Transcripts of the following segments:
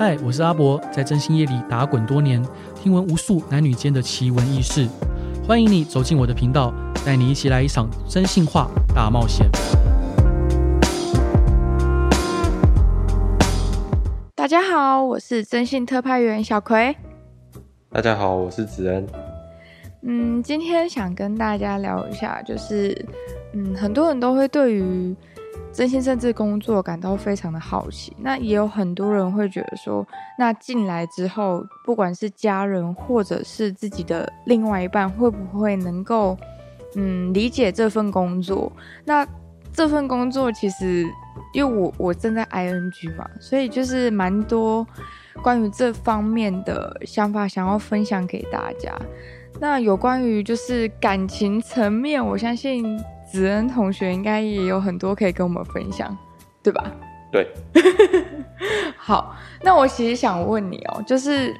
嗨，Hi，我是阿博，在徵信業裡打滾多年，聽聞無數男女間的奇聞異事。歡迎你走進我的頻道，帶你一起來一場徵信話大冒險。大家好，我是徵信特派員小葵。大家好，我是梓恩。嗯，今天想跟大家聊一下，就是嗯，很多人都會對於徵信社這工作感到非常的好奇，那也有很多人會覺得說，那進來之後，不管是家人或者是自己的另外一半，會不會能夠，嗯，理解這份工作？那這份工作其實，因為我我正在 ING 嘛，所以就是蠻多關於這方面的想法想要分享給大家。那有關於就是感情層面，我相信。子恩同學應該也有很多可以跟我們分享，對吧？對。 好，那我其實想問你哦、喔，就是，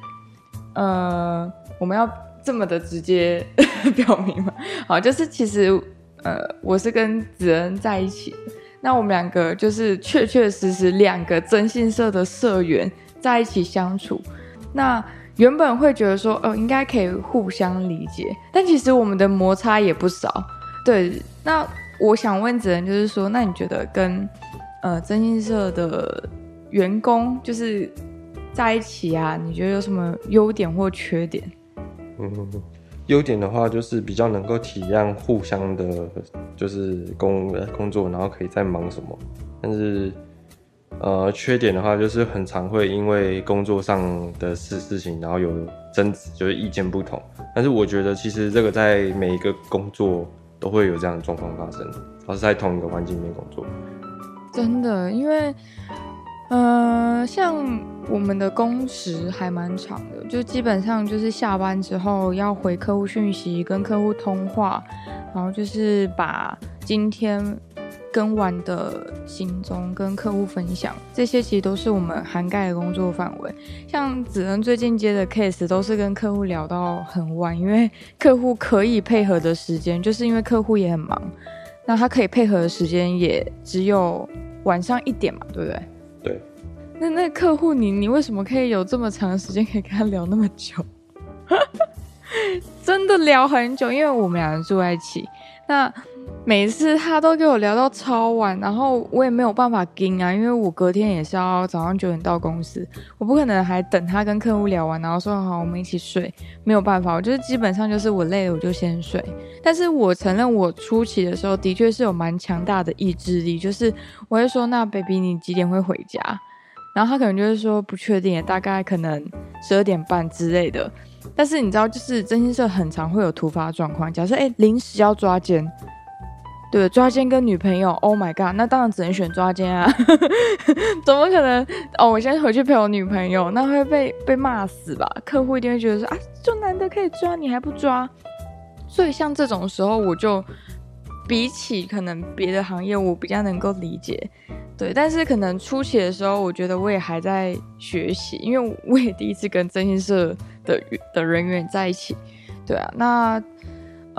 呃，我們要這麼的直接 表明嗎？好，就是其實，呃，我是跟梓恩在一起，那我們兩個就是確確實實兩個徵信社的社員在一起相處，那原本會覺得說，哦、呃，應該可以互相理解，但其實我們的摩擦也不少，對。那我想問梓恩，就是說，那你覺得跟呃徵信社的員工就是在一起啊，你覺得有什麼優點或缺點？嗯，優點的話就是比較能夠體諒互相的，就是工工作，然後可以再忙什麼。但是呃，缺點的話就是很常會因為工作上的事事情，然後有爭執，就是意見不同。但是我覺得其實這個在每一個工作。都會有這樣的狀況發生，都是在同一個環境裡面工作。真的，因為，呃，像我們的工時還蠻長的，就基本上就是下班之後要回客戶訊息，跟客戶通話，然後就是把今天。跟完的行蹤跟客戶分享，這些其實都是我們涵蓋的工作範圍。像梓恩最近接的 case 都是跟客戶聊到很晚，因為客戶可以配合的時間，就是因為客戶也很忙，那他可以配合的時間也只有晚上一點嘛，對不對？對。那那客戶你你為什麼可以有這麼長的時間可以跟他聊那麼久？ 真的聊很久，因為我們兩人住在一起。那每次他都給我聊到超晚，然後我也沒有辦法跟啊，因為我隔天也是要早上九點到公司，我不可能還等他跟客戶聊完，然後說好我們一起睡，沒有辦法，我就是基本上就是我累了，我就先睡。但是我承認我初期的時候的確是有蠻強大的意志力，就是我會說，那 baby 你幾點會回家？然後他可能就是說不確定，大概可能十二點半之類的。但是你知道，就是徵信社很常會有突發狀況，假設哎臨時要抓奸。對，抓奸，跟女朋友，Oh my god，那當然只能選抓奸啊， 怎麼可能？哦，我先回去陪我女朋友，那會被被罵死吧？客戶一定會覺得說啊，就難得可以抓，你還不抓？所以像這種時候，我就比起可能別的行業，我比較能夠理解。對，但是可能初期的時候，我覺得我也還在學習，因為我，我也第一次跟徵信社的的人員在一起。對啊，那。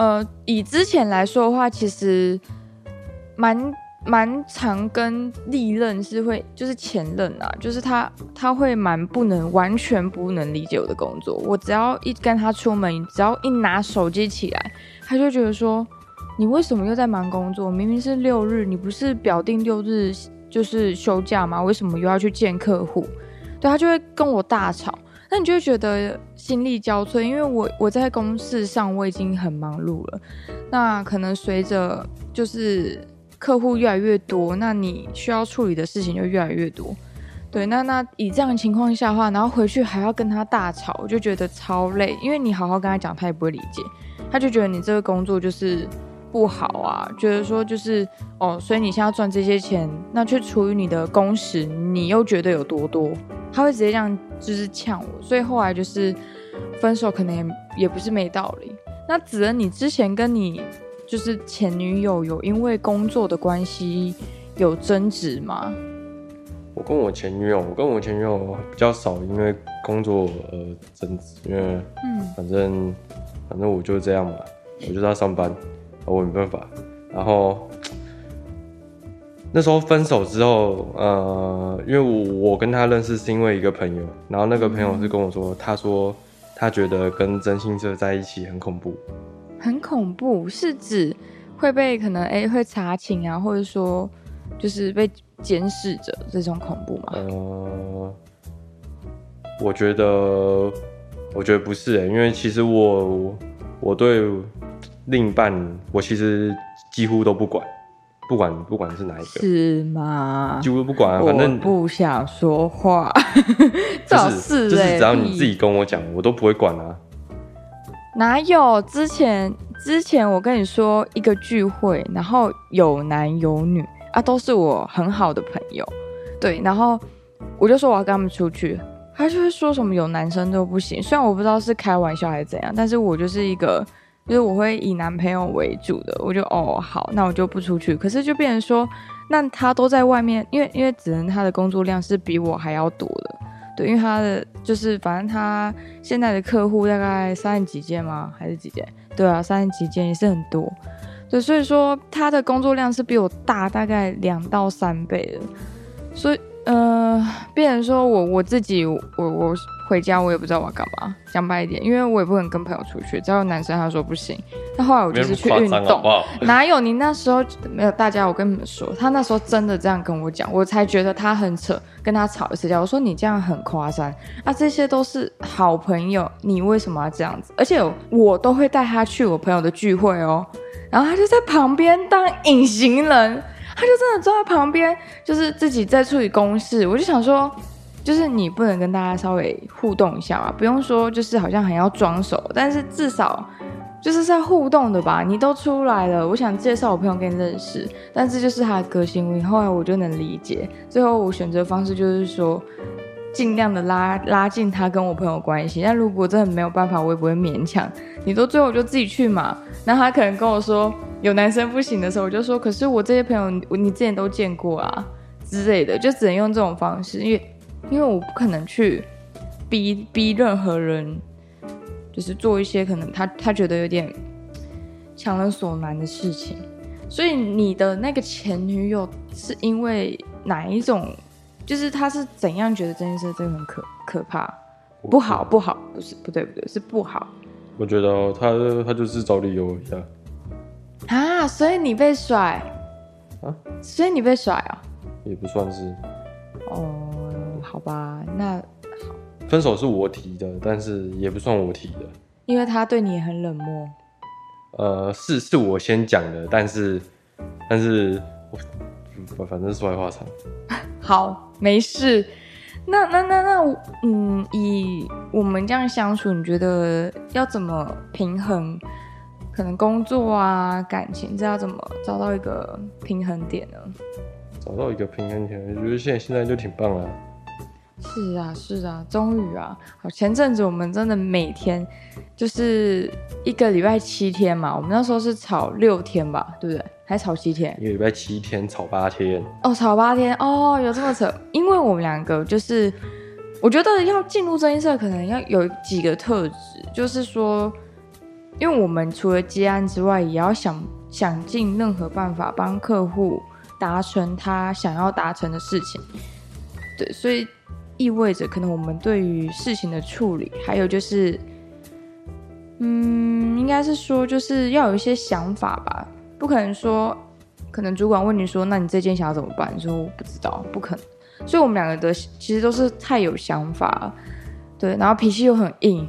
呃，以之前來說的話，其實蠻蠻常跟歷任是會，就是前任啊，就是他他會蠻不能完全不能理解我的工作，我只要一跟他出門，只要一拿手機起來，他就會覺得說，你為什麼又在忙工作？明明是六日，你不是表定六日就是休假嗎？為什麼又要去見客戶？對，他就會跟我大吵。那你就會覺得心力交瘁，因為我我在公事上我已經很忙碌了，那可能隨着就是客戶越來越多，那你需要處理的事情就越來越多，對，那那以這樣的情況下的話，然後回去還要跟他大吵，我就覺得超累，因為你好好跟他講，他也不會理解，他就覺得你這個工作就是。不好啊，覺得說就是哦，所以你現在賺這些錢，那去除以你的工時，你又覺得有多多？他會直接這樣就是嗆我，所以後來就是分手，可能也也不是沒道理。那子恩，你之前跟你就是前女友有因為工作的關係有爭執嗎？我跟我前女友，我跟我前女友比較少因為工作而爭執，因為嗯，反正反正我就是這樣嘛，我就在上班，我也沒辦法。然後那時候分手之後，呃，因為我我跟他認識是因為一個朋友，然後那個朋友是跟我說，嗯、他說他覺得跟徵信社在一起很恐怖，很恐怖是指會被可能哎、欸、會查寢啊，或者說就是被監視着這種恐怖嗎？呃，我覺得我覺得不是、欸，因為其實我我，我對。另一半我其實幾乎都不管，不管不管是哪一個，是嗎？幾乎都不管、啊、我 反正我不想說話，這 事四類、就是，就是只要你自己跟我講，意我都不會管啊。哪有？之前之前我跟你說一個聚會，然後有男有女啊，都是我很好的朋友，對，然後我就說我要跟他們出去，他就會說什麼有男生都不行。雖然我不知道是開玩笑還是怎樣，但是我就是一個。就是我會以男朋友為主的，我就哦好，那我就不出去。可是就變成說，那他都在外面，因為因為只能他的工作量是比我還要多的，對，因為他的就是反正他現在的客戶大概三十幾件嗎？還是幾件？對啊，三十幾件也是很多，對，所以說他的工作量是比我大大概兩到三倍的，所以。別人說我我自己我我回家我也不知道我要幹嘛，講白一點，因為我也不能跟朋友出去。只要男生他說不行，那後來我就是去運動，好好哪有你那時候沒有大家？我跟你們說，他那時候真的這樣跟我講，我才覺得他很扯，跟他吵一次架。我說你這樣很誇張，那、啊、這些都是好朋友，你為什麼要這樣子？而且我都會帶他去我朋友的聚會哦、喔，然後他就在旁邊當隱形人。他就真的坐在旁邊，就是自己在處理公事。我就想說，就是你不能跟大家稍微互動一下啊，不用說，就是好像很要裝熟，但是至少就是在互動的吧？你都出來了，我想介紹我朋友給你認識。但這就是他的個性，我後來我就能理解。最後我選擇方式就是說。盡量的拉拉近他跟我朋友關係，但如果真的沒有辦法，我也不會勉強。你都最後我就自己去嘛。那他可能跟我說有男生不行的時候，我就說：可是我這些朋友你，你之前都見過啊之類的，就只能用這種方式，因為因為我不可能去逼逼任何人，就是做一些可能他他覺得有點強人所難的事情。所以你的那個前女友是因為哪一種？就是他是怎樣覺得這件事真的很可可怕，我不好我不好，不是不對不對，是不好。我覺得他他就是找理由一下啊，所以你被甩啊，所以你被甩啊？喔，也不算是哦。嗯，好吧，那分手是我提的，但是也不算我提的，因為他對你很冷漠。呃，是是我先講的，但是但是，我反正說來話長 好。沒事，那那那那，嗯，以我們這樣相處，你覺得要怎麼平衡？可能工作啊，感情，這要怎麼找到一個平衡點呢？找到一個平衡點，我覺得現在現在就挺棒了啊。是啊，是啊，終於啊！好，前陣子我們真的每天就是一個禮拜七天嘛，我們那時候是吵六天吧，對不對？還吵七天？一個禮拜七天，吵八天。哦，吵八天哦，吵八天哦，有這麼扯？ 因為我們兩個就是，我覺得要進入徵信社，可能要有幾個特質，就是說，因為我們除了接案之外，也要想想盡任何辦法幫客戶達成他想要達成的事情。對，所以。意味着可能我們對於事情的處理，還有就是，嗯，應該是說就是要有一些想法吧，不可能說，可能主管問你說，那你這件想要怎麼辦？你說我不知道，不可能。所以我們兩個的其實都是太有想法，對，然後脾氣又很硬，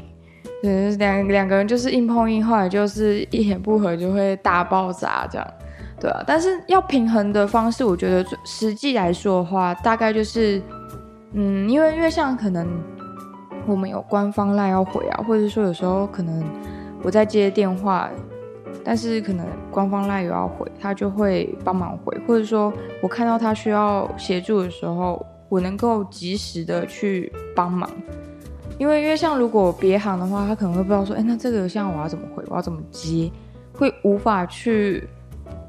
就是、兩兩個人就是硬碰硬，後來就是一言不合就會大爆炸這樣，對啊。但是要平衡的方式，我覺得實際來說的話，大概就是。嗯，因為像可能我們有官方賴要回啊，或者說有時候可能我在接電話，但是可能官方賴又要回，他就會幫忙回，或者說我看到他需要協助的時候，我能夠及時的去幫忙。因為像如果別行的話，他可能會不知道說，哎、欸，那這個像我要怎麼回，我要怎麼接，會無法去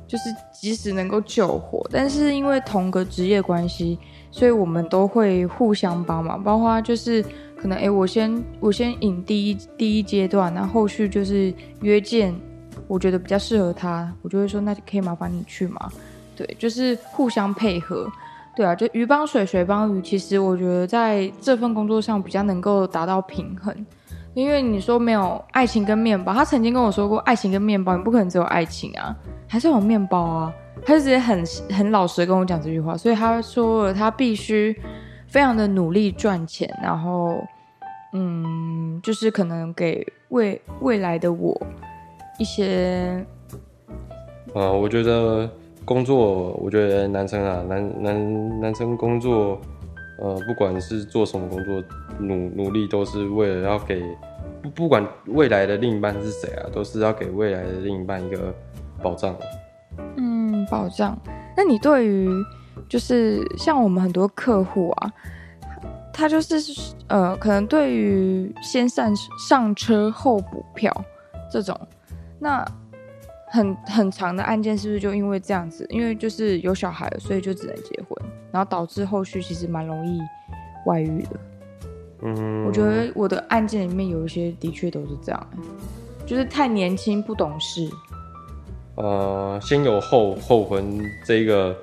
就是及時能夠救活。但是因為同個職業關係。所以我們都會互相幫忙，包括就是可能哎、欸，我先我先引第一第一階段，那後續就是約見，我覺得比較適合他，我就會說那可以麻煩你去嗎？對，就是互相配合，對啊，就魚幫水，水幫魚。其實我覺得在這份工作上比較能夠達到平衡，因為你說沒有愛情跟麵包，他曾經跟我說過，愛情跟麵包，你不可能只有愛情啊，還是有麵包啊。他是直接很很老實的跟我講這句話，所以他說了他必須非常的努力賺錢，然後嗯，就是可能給未未來的我一些。呃，我覺得工作，我覺得男生啊，男男男生工作，呃，不管是做什麼工作，努努力都是為了要給，不不管未來的另一半是誰啊，都是要給未來的另一半一個保障。嗯。保障？那你對於就是像我們很多客戶啊，他就是呃，可能對於先上上車後補票這種，那很很長的案件，是不是就因為這樣子？因為就是有小孩，所以就只能結婚，然後導致後續其實蠻容易外遇的。嗯，我覺得我的案件裡面有一些的確都是這樣，就是太年輕不懂事。呃，先有後後婚這一個，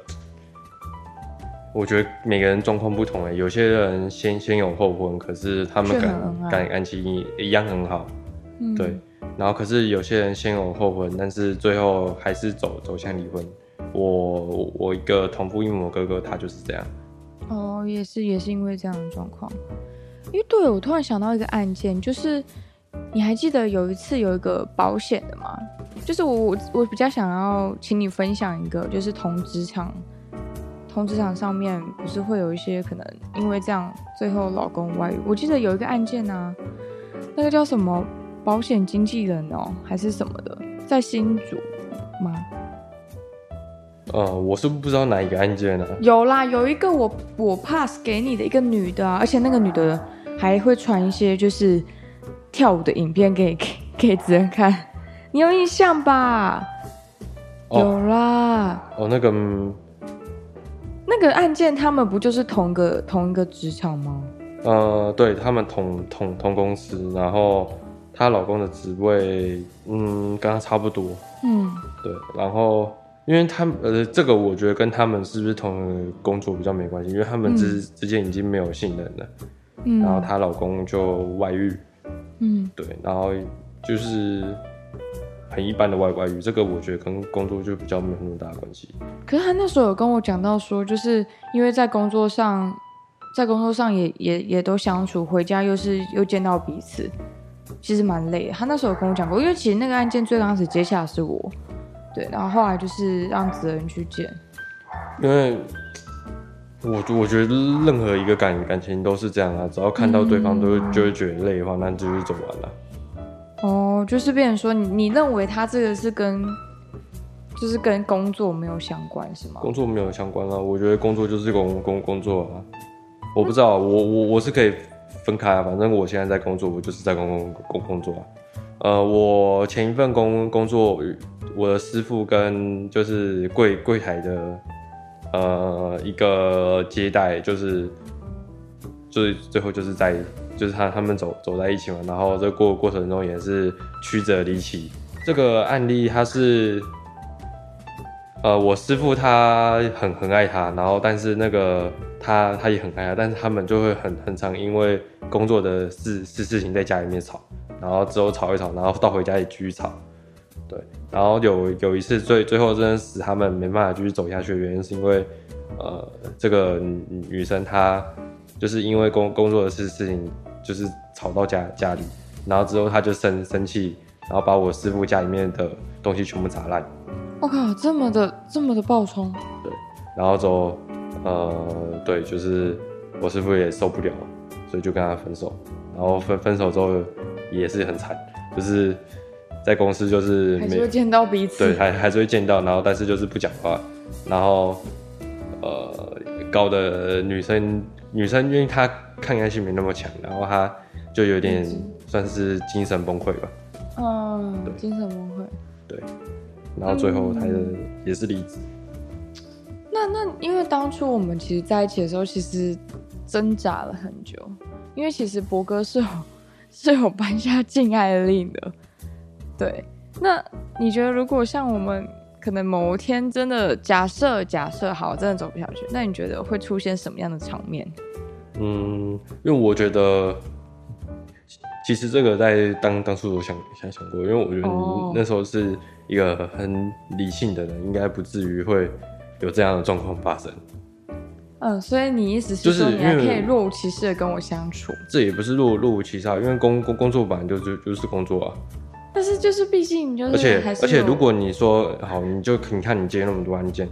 我覺得每個人狀況不同誒、欸。有些人先先有後婚，可是他們感感情一樣很好，嗯、對。然後，可是有些人先有後婚，但是最後還是走走向離婚。我我，我一個同父異母哥哥，他就是這樣。哦，也是也是因為這樣的狀況。誒，對，我突然想到一個案件，就是。你還記得有一次有一個保險的嗎？就是我我我比較想要請你分享一個，就是同職場同職場上面不是會有一些可能因為這樣最後老公外遇？我記得有一個案件啊，那個叫什麼保險經紀人哦、喔、還是什麼的，在新竹嗎？呃、嗯，我是不知道哪一個案件啊。有啦，有一個我我 pass 給你的一個女的、啊，而且那個女的還會傳一些就是。跳舞的影片給給給梓恩看，你有印象吧？哦、有啦。哦，那個、嗯、那個案件，他們不就是同個同一個職場嗎？呃，對，他們同同同公司，然後她老公的職位，嗯，跟她差不多。嗯，對。然後，因為他們呃，這個我覺得跟他們是不是同一個工作比較沒關係，因為他們之、嗯、之間已經沒有信任了。然後她老公就外遇。嗯嗯，對，然後就是很一般的外遇，這個我覺得跟工作就比較沒有那麼大的關係。可是他那時候有跟我講到說，就是因為在工作上，在工作上也也也都相處，回家又是又見到彼此，其實蠻累。他那時候有跟我講過，因為其實那個案件最剛開始接洽是我，對，然後後來就是讓梓恩去接，因為。我就我覺得任何一個感感情都是這樣啊，只要看到對方都就會覺得累的話，嗯、那你就是走完了、啊。哦，就是變成說你你認為他這個是跟，就是跟工作沒有相關是嗎？工作沒有相關啊，我覺得工作就是工工工作啊。我不知道，嗯、我我我是可以分開啊，反正我現在在工作，我就是在工工工工作啊。呃，我前一份工工作，我的師傅跟就是櫃櫃台的。呃，一個接待就是，最最後就是在，就是他他們走走在一起嘛，然後這個過過程中也是曲折離奇。這個案例他是，呃，我師傅他很很愛他，然後但是那個他他也很愛他，但是他們就會很很常因為工作的事事事情在家裡面吵，然後之後吵一吵，然後到回家也繼續吵，對。然後有有一次最最後真的使他們沒辦法繼續走下去的原因是因為，呃，這個女生她就是因為工工作的事事情就是吵到家家裡，然後之後她就生生氣，然後把我師傅家裡面的東西全部砸爛。我靠，Okay，這麼的這麼的暴衝。對，然後之後呃對，就是我師傅也受不了，所以就跟她分手。然後分分手之後也是很慘，就是。在公司就是沒還只會見到彼此，對，還還是會見到，然後但是就是不講話，然後呃高的女生女生，因為她抗壓性沒那麼強，然後她就有點算是精神崩潰吧，嗯，對精神崩潰，對，然後最後她也是離職，嗯。那那因為當初我們其實在一起的時候，其實掙扎了很久，因為其實博哥是有是有頒下禁愛的令的。對，那你覺得如果像我們可能某天真的假設假設好，真的走不下去，那你覺得會出現什麼樣的場面？嗯，因為我覺得其實這個在當當初我想想想過，因為我覺得那時候是一個很理性的人，哦、應該不至於會有這樣的狀況發生。嗯，所以你意思是說你還可以若無其事的跟我相處？這也不是若若無其事啊，因為工工作本來就就是，就是工作啊。但是就是，畢竟你就是，而且而且，是而且如果你說好，你就你看你接那麼多案件，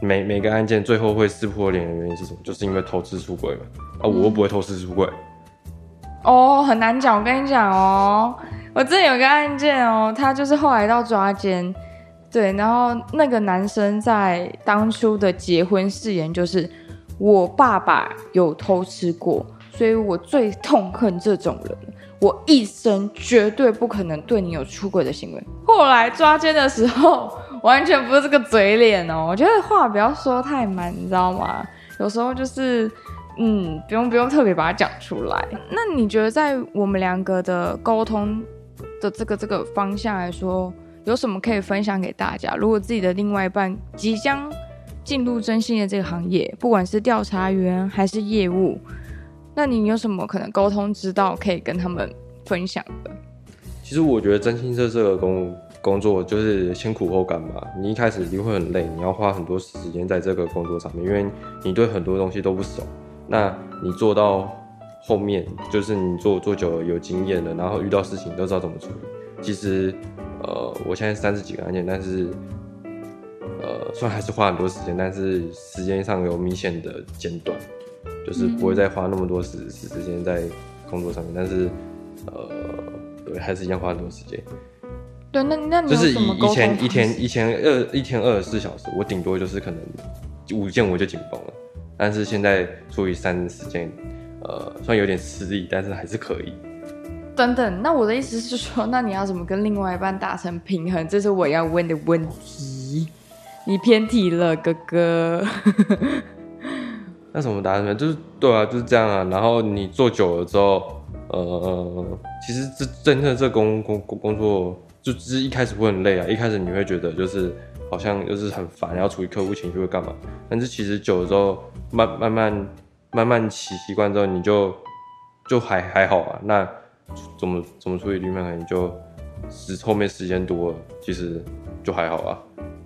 每每個案件最後會撕破臉的原因是什麼？就是因為偷吃出軌嘛。啊，嗯、我又不會偷吃出軌。哦，很難講，我跟你講哦，我這裡有一個案件哦，他就是後來到抓奸，對，然後那個男生在當初的結婚誓言就是我爸爸有偷吃過，所以我最痛恨這種人。我一生絕對不可能對你有出軌的行為。後來抓姦的時候，完全不是這個嘴臉哦。我覺得話不要說太滿，你知道嗎？有時候就是，嗯，不用不用特別把它講出來。那你覺得在我們兩個的溝通的這個這個方向來說，有什麼可以分享給大家？如果自己的另外一半即將進入徵信的這個行業，不管是調查員還是業務，那你有什麼可能溝通之道可以跟他們分享的？其實我覺得，徵信社這個工工作就是先苦後甘嘛。你一開始一定會很累，你要花很多時間在這個工作上面，因為你對很多東西都不熟。那你做到後面，就是你做做久了有經驗了，然後遇到事情都知道怎麼處理。其實，呃，我現在三十幾個案件，但是，呃，雖然還是花很多時間，但是時間上有明顯的間斷。就是不會再花那麼多時時間在工作上面，嗯、但是，呃，對，還是一樣花很多時間。對，那那你就是以以前一天一天二一天二十四小時，我頂多就是可能五件我就緊繃了，但是現在處於三十件，呃，算有點吃力，但是還是可以。等等，那我的意思是說，那你要怎麼跟另外一半達成平衡？這是我要問的問題。你偏題了，哥哥。 那什麼答案呢？就是對啊，就是這樣啊。然後你做久了之後，呃，其實這真正的這工工工作就，就是一開始會很累啊。一開始你會覺得就是好像就是很煩，要處理客戶情緒會幹嘛？但是其實久了之後，慢慢慢慢慢習習慣之後，你就就還還好啊。那怎麼怎麼處理裡面可能就是後面時間多了，其實就還好啊。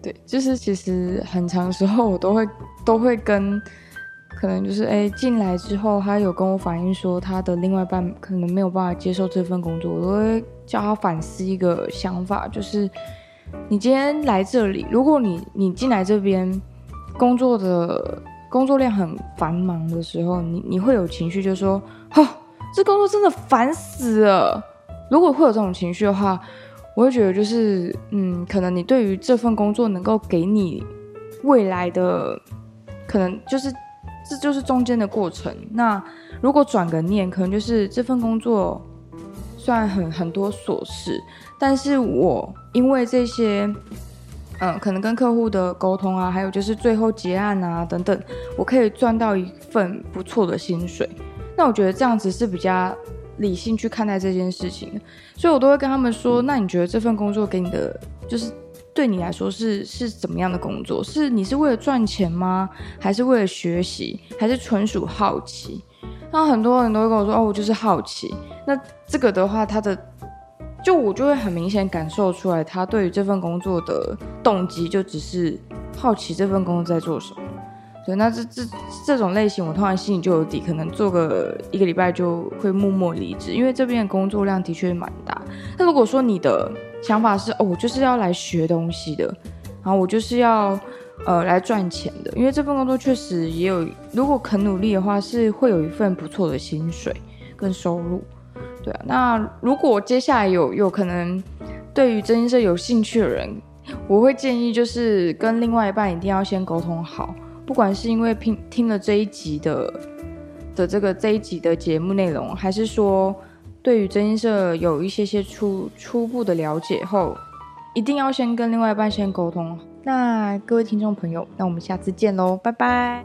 對，就是其實很長時候我都會都會跟。可能就是哎，進來之後，他有跟我反映說，他的另外一半可能沒有辦法接受這份工作。我都會叫他反思一個想法，就是你今天來這裡，如果你你進來這邊工作的工作量很繁忙的時候，你你會有情緒，就說哈，這工作真的煩死了。如果會有這種情緒的話，我會覺得就是嗯，可能你對於這份工作能夠給你未來的可能就是。這就是中間的過程。那如果轉個念，可能就是這份工作雖然很很多瑣事，但是我因為這些，嗯，可能跟客戶的溝通啊，還有就是最後結案啊等等，我可以賺到一份不錯的薪水。那我覺得這樣子是比較理性去看待這件事情的，所以我都會跟他們說：那你覺得這份工作給你的就是……對你來說是是怎麼樣的工作？是你是為了賺錢嗎？還是為了學習？還是純屬好奇？那很多人都會跟我說：“哦，我就是好奇。”那這個的話，他的就我就會很明顯感受出來，他對於這份工作的動機就只是好奇這份工作在做什麼。所以，那這這這種類型，我突然心裡就有底，可能做個一個禮拜就會默默離職，因為這邊的工作量的確蠻大。那如果說你的。想法是哦，我就是要來學東西的，然後我就是要呃來賺錢的，因為這份工作確實也有，如果肯努力的話，是會有一份不錯的薪水跟收入，對啊。那如果接下來有有可能對於徵信社有興趣的人，我會建議就是跟另外一半一定要先溝通好，不管是因為聽聽了這一集的的這個這一集的節目內容，還是說。對於徵信社有一些些初初步的了解後，一定要先跟另外一半先溝通。那各位聽眾朋友，那我們下次見嘍，拜拜。